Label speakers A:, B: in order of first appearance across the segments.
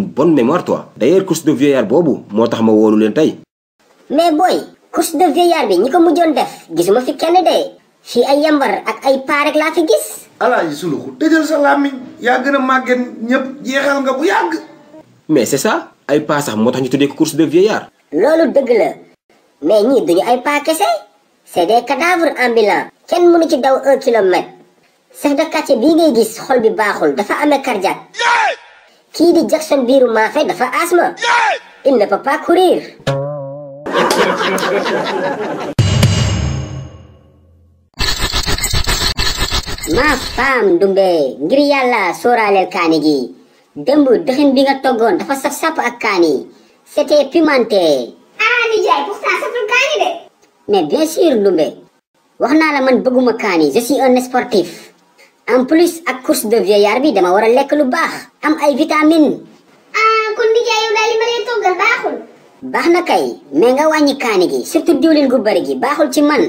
A: une bonne mémoire toi d'ailleurs course de vieillard boobu moo tax ma woolu leen tey mais booy course de vieillard bi ñi ko mujjoon def gisuma fi kenn de fii ay yambar ak ay paa laa fi gis alaaji suluxu tëjal sa mi yaa gën a màggeen ñépp jeexal nga bu yàgg mais c'est ça ay passax moo tax ñu tuddee ko course de vieillard loolu dëgg la mais ñii duñu ay paa kese c'est des cadavres ambulants kenn mënu ci daw un kilomètre chef de quartier bii ngay gis xol bi baaxul dafa amee cardiaque kii di Jackson biiru maafe dafa asma il ne peut pas courir. ma femme Dumbe ngir yàlla sóoraaleel kaani gi démb dëxin bi nga toggoon dafa saf sàpp ak kaani c'était pimenté. ah nijaay pourtant saful kaani de. mais bien Dumbe wax naa la man bëgguma kaani je suis sportif. en plus ak course de vieillard bi dama war a lekk lu baax am ay vitamines. ah kon nijaay yow daal li ma lay toggal baaxul. baax na kay mais nga wàññi kaani gi surtout diwlin gu bari gi baaxul ci man.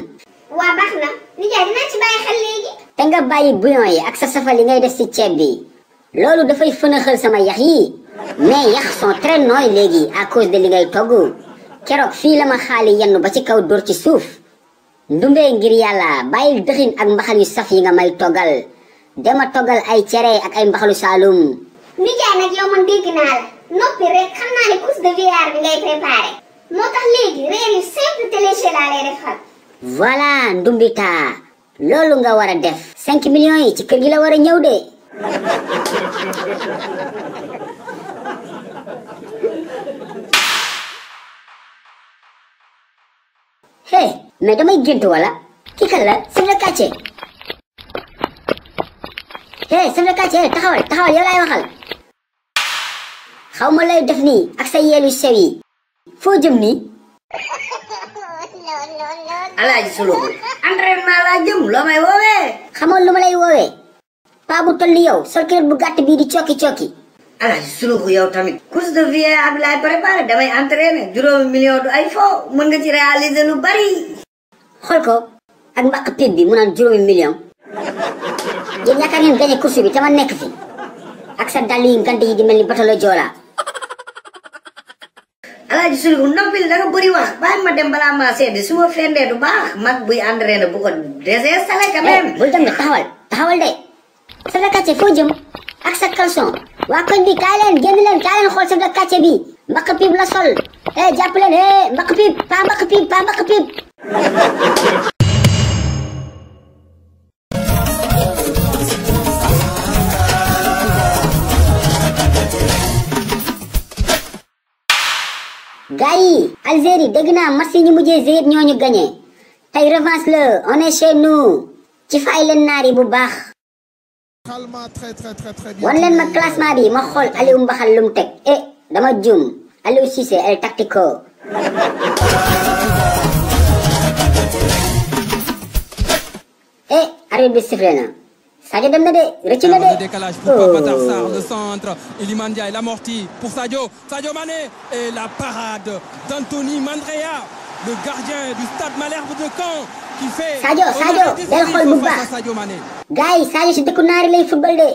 A: waa baax na nijaay dinaa ci bàyyi xel léegi. te nga bàyyi bouillon yi ak sa safal li ngay def ci ceeb bi loolu dafay fënaxal sama yax yi mais yax sont très nooy léegi à cause de li ngay togg keroog fii la ma xaali yenn ba ci kaw dóor ci suuf. ndumbee ngir yàlla bàyyil dëxin ak mbaxal yu saf yi nga may toggal. dama toggal ay cere ak ay mbaxalu saalum nijaay nag yow man dégg noppi rek xam naa ne course de billard bi préparé moo léegi réer yu simple te léger laa lay defal Ndumbita loolu nga war def cinq millions yi ci kër gi la war a de hey mais damay gént wala kii kan la sëñ la hé sa fekkaat hé tahol, taxawal yow laay waxal xaw ma lay def nii lu ma lay woowee paa bu toll ni yow sol kilot bu tamit course de vie ak laay préparé damay entraîné juróomi million du ay foo mën nga ci lu bari xool ak mbaq pib bi mu naan jadi kan yaakaar ngeen gagné course bi taman nekk fi ak sa yi yi kan di mel ya, eh, ni bato la joola alaaji sulugu noppil da nga bëri wax bàyyi ma dem balaa maa seede su ma fendee du baax mag buy entraîné bu ko désinstallé quand même bul dem de taxawal taxawal de sa da kàcce foo jëm ak sa caleçon waa koñ bi kaay leen leen kaay leen sa da bi mbaq la sol eh jàpp leen eh mbaq pib pa pa gars yi Algérie dégg naa match yi ñu mujjee zéro ñoo ñu gagné tey revanche la on est chez ci fay leen naar bu baax. wan leen ma classement bi ma xool Aliou Mbaxal lu mu teg eh dama juum Aliou Cissé El Tactico. eh arbitre bi sifflé na. Sadio de de. le décalage pour Papa oh. Matar le centre Iliman Ndiaye l'amorti pour Sadio Sadio Mané et la parade d'Anthony Mandrea le gardien du stade Malherbe de Caen qui fait. Sadio Sadio del xool bu baax gars yi Sadio je dëkku naari le football de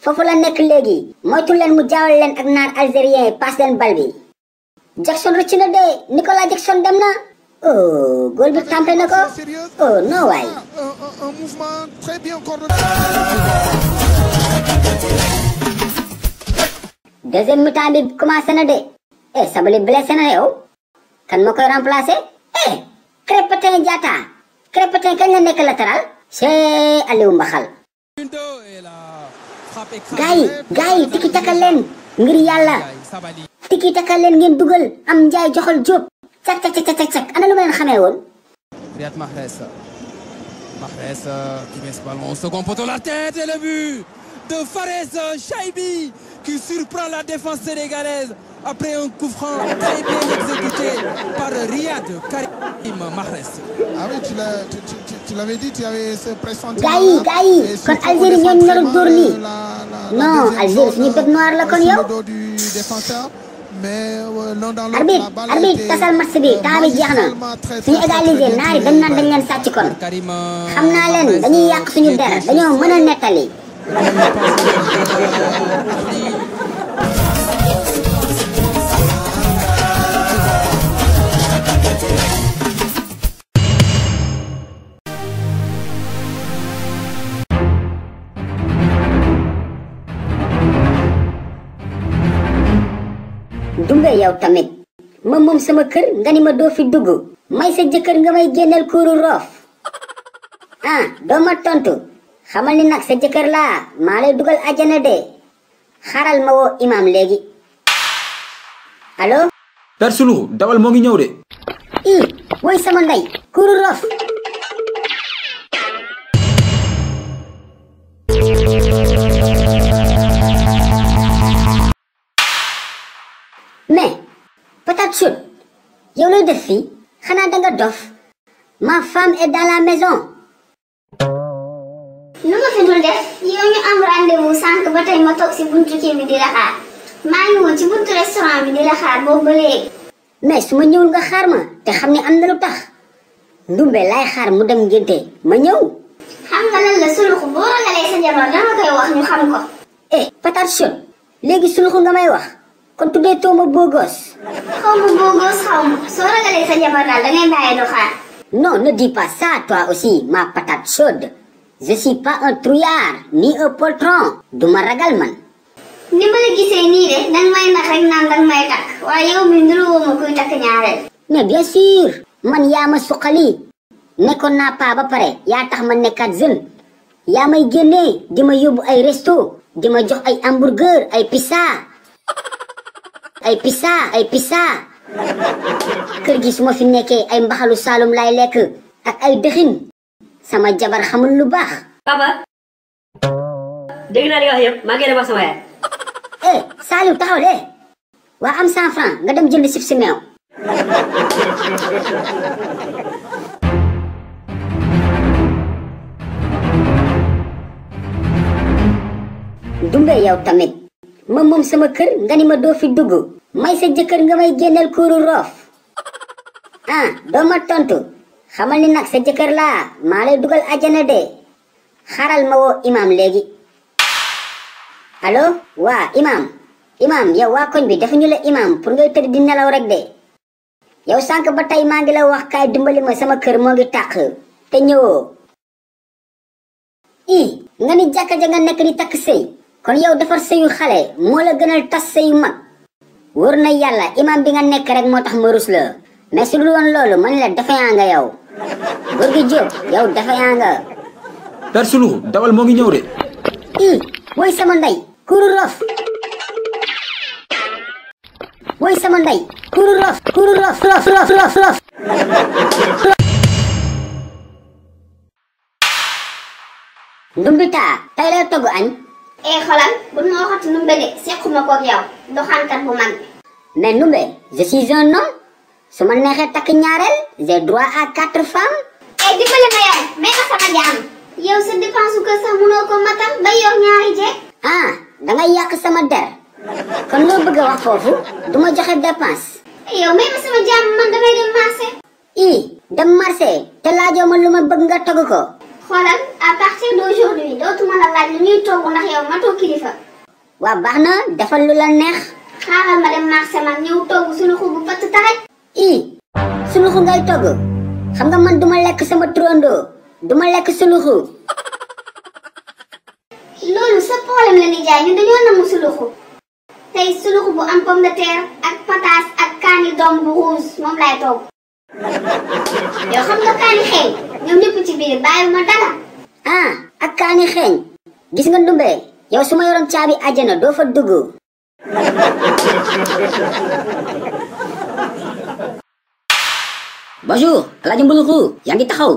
A: foofu la nek légui. moytu leen mu jaawal leen ak naar algérien passe leen bal bi. Jackson rëcc de Nicolas Jackson demna. oh góol bi tàmpe na ko oh non waay. un mouvement na de. eh Sabaly blessé na yow. Oh. kan moo koy remplacé. eh Krépin Diatta. Krépin kañ nekk latéral. c'est Aliou Mbaxal. gars yi gars yi tiki ngir yàlla. tiki taka leen ngeen dugal am njaay joxal jóob. Tac tac tac tac tac. ana lu ma leen Riyad Mahrez Mahrez qui met ce ballon au second poteau la tête et le but de Farez Chaibi qui surprend la défense sénégalaise après un coup franc très bien exécuté par Riyad Karim Mahrez. Ah oui, tu l'as tu, tu, tu, l'avais dit, tu avais ce pressentiment. gars yi gars Algérie non Algérie suñu bête noir la kon euh, yow. mais l'un dans l'autre la balle arbitre tasal match bi temps bi jeex na suñu égaliser naari dañ naan dañ leen sàcc kon xam naa leen dañuy yàq suñu der dañoo mën a nettali dunga yow tamit ma moom sama kër nga ni ma doo fi dugg may sa jëkkër nga may génneel kuuru roof ah doo tontu xamal ni nag sa jëkkër laa maa lay dugal ajana de xaral ma woo imaam léegi allo. Père dawal moo ngi ñëw de. i woy sama ndey kuuru roof. Attention yow looy def fii xanaa danga dof ma femme est dans la maison. ma fi dul def yow ñu am rendez-vous sànq ba tey ma toog si di la xaar maa ngi woon ci buntu restaurant bi la xaar boobu ba léegi. su ma ñëwul nga xaar ma te xam ne am na lu tax ndumbe laay xaar mu dem ngénte ma ñëw. xam nga lan la suluxu boo ragalee sa jabar dama koy wax ñu xam ko. eh patate chaude léegi suluxu nga may wax. Contubeto mabogos. Oh, mabogos ho. Solo la lesa di Amaralda ne vai enojar. Non, ne dis pas ça, toi aussi, ma patate chaude. Je suis pas un trouillard, ni un e poltron. Dumaragal man. Ni ma la gisee nii de nang may nax nang naan may kak. waaye yow mi nduru woo ma kuy takk bien sûr man yaa ma suqali nekkoon naa paa ba pare yaa tax ya ma nekkaat jeune yaa may génnee di ma yóbbu ay resto di ma ay hamburger ay pizza ay pissa ay pissa kër gi su ma fi nekkee ay mbaxalu saalum laay lekk ak ay dëxin sama jabar xamul lu baax papa dégg naa li nga wax yëpp maa ngi leen wax sama yaay eh Saliou taxaw de waa am cent franc nga dem jënd sif si meew dumbe yow tamit ma moom sama kër nga ni ma doo fi dugg may sa nga may ah doo ma tontu xamal ni nag sa lay dugal ajana de xaral ma imam imaam Halo? allo imam. Imam ya yow waa koñ bi defuñu la imaam pour ngay tëdd di nelaw rek de yow sànq ba tey maa ngi la wax kaay dimbali ma sama kër moo ngi tàq te ñëwoo i nga ni ja nga kon yow defar sëyu xale moo la gënal tas sëyu mag wóor na yàlla imam bi nga nekk rek moo tax ma la mais su dul woon loolu man la defeyaa nga yow góor gi Diop yow defeyaa nga per sulu dawal moo ngi ñëw de i woy sama ndey kuru rof woy sama ndey kuru rof kuru rof rof rof rof rof ndumbitaa tey la togg añ et eh, xoolal bu ñu ma waxati Numbe de sequma koog yow doxaankat bu mag bi. mais Numbe je suis un homme su ma neexee takk ñaareel j'ai droit à quatre femmes. ay eh, dimbali ma yow may ma sama jaam. yow sa dépense su ko sax mënoo ko matal ba yow ñaari jeeg. ah da nga yàq sama der kon loo bëgg a wax foofu du ma joxe dépense. Eh, yow may ma sama jaam man damay dem marché. i dem marché te laajoo ma lu ma bëgg nga togg ko. xoolal. à partir d'aujourd'hui dootuma la laaj lu ñuy togg ndax yow matoo kilifa waa baax na defal lu la neex xaaral ma dem marché man ñëw togg suñu xub bu fatt taxaj i man sama turandoo duma lekk suluxu loolu sa problème la nijaay ñun dañoo namu suluxu tey suluxu bu am pomme de terre ak pataas ak kaani doom bu rouge moom laay togg yow ah ak kaani xeeñ gis nga ndumbe yow su ma yoroon caabi àjjana doo fa dugg bonjour alaaji mbuluxu yaa ngi taxaw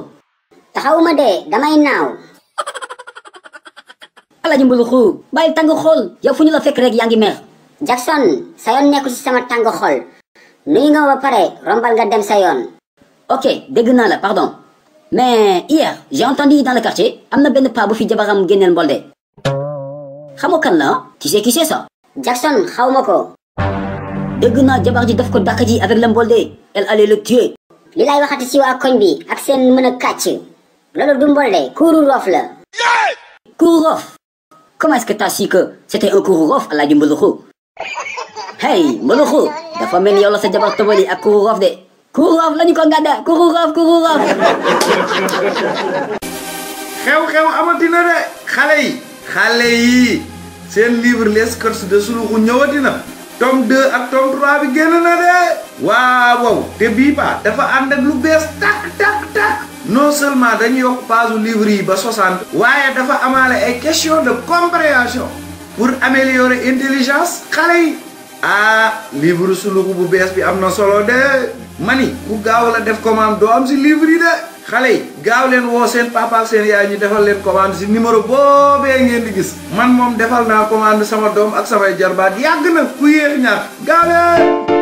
A: taxawuma de damay naaw alaaji mbuluxu bàyyil tàng xool yow fu ñu la fekk rek Jackson sayon yoon nekku ci sama tàng xool nuyu nga ba pare rombal nga dem sa yoon ok pardon mais hier j'ai entendu dans le quartier Amna na benn paa bu fi jabaram gennel mbolde kan la tu sais qui c'est ça Jackson xaw Deugna ko jabar ji daf ko avec le mbolde elle allait le tuer li lay waxati si wa koñ bi ak sen meuna katch. kàcc du mbolde Kourou rof la comment est-ce que tu as su que c'était un à la du mbaluxu hey mbaluxu dafa mel ni yow la sa jabar tobali ak Kourou rof de Kururof lañu ko ngàdda Kururof Kururof. xew-xew amatina de xale yi. xale yi seen livre les Scores de Suluxu ñëwatina. tome 2 ak tome 3 bi génn na de. waaw waaw te bii ba dafa ànd ak lu bees tak tak tak. non seulement dañu yokk page livre yi ba 60. waaye dafa amaale ay e question de compréhension pour améliorer intelligence xale yi. ah livre suluxu bu bees bi am na solo de. mani ku gaaw la def commande doo am si livre yi de xale yi gaaw leen woo seen papa ak seen yaay ñu defal leen commande si numéro boobee ngeen di gis man moom defal naa commande sama doom ak samay jarbaat yàgg na ku yéex ñaar gaaw